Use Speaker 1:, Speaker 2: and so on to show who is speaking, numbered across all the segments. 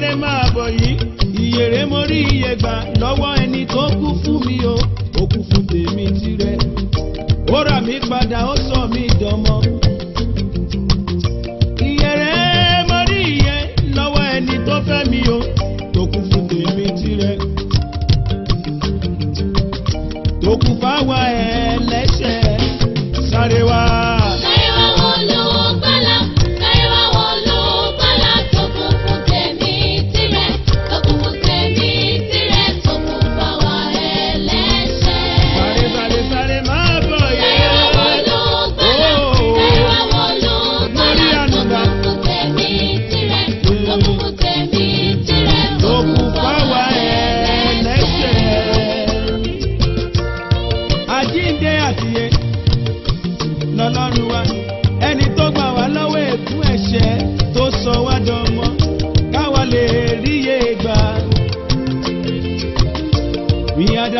Speaker 1: sáré máa bọ̀ yìí ìyèrè mo rí iye gbà lọ́wọ́ ẹni tó kú fún mi o ó kú fún tèmi tirẹ̀ ó rà mí padà ó sọ mí dọmọ. ìyèrè mo rí iye lọ́wọ́ ẹni tó fẹ́ mi o tó fún tèmi tirẹ̀ tó kú fáwa ẹlẹ́ṣẹ̀ sáré wá.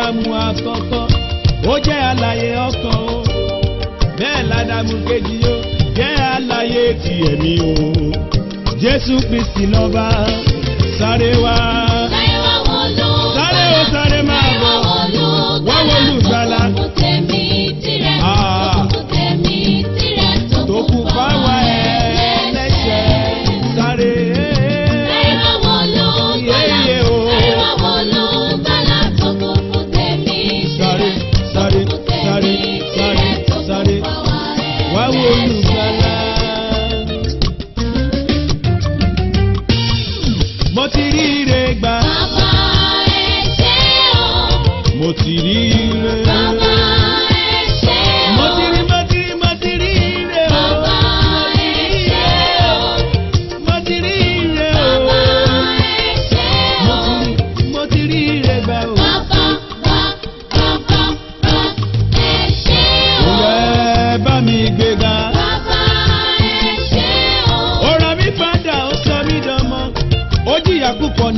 Speaker 1: ádámù àkọ́kọ́ ó jẹ́ àlàyé ọkàn o bẹ́ẹ̀ ládámù kejì o jẹ́ àlàyé ti o jésù kristi lọ́ba.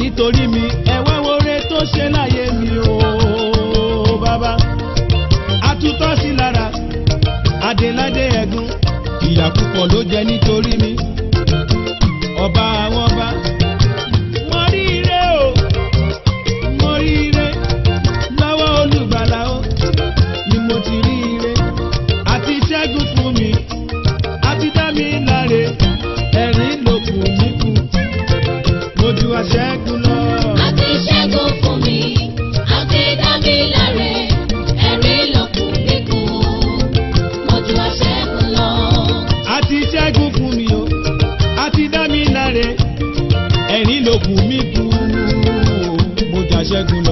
Speaker 1: nítorí mi ẹ wá wọlé tó ṣe láyé mi o bàbá àtúntọ́ sí lára adéládé ẹ̀gún ìyà púpọ̀ ló jẹ nítorí mi. ṣẹ́gun lọ. àti ṣẹ́gun fún mi àti dá mi láre ẹ̀rí lọ́kùn mi kù mo jù wá ṣẹ́gun lọ. àti ṣẹ́gun fún mi o àti dá mi láre mo jà ṣẹ́gun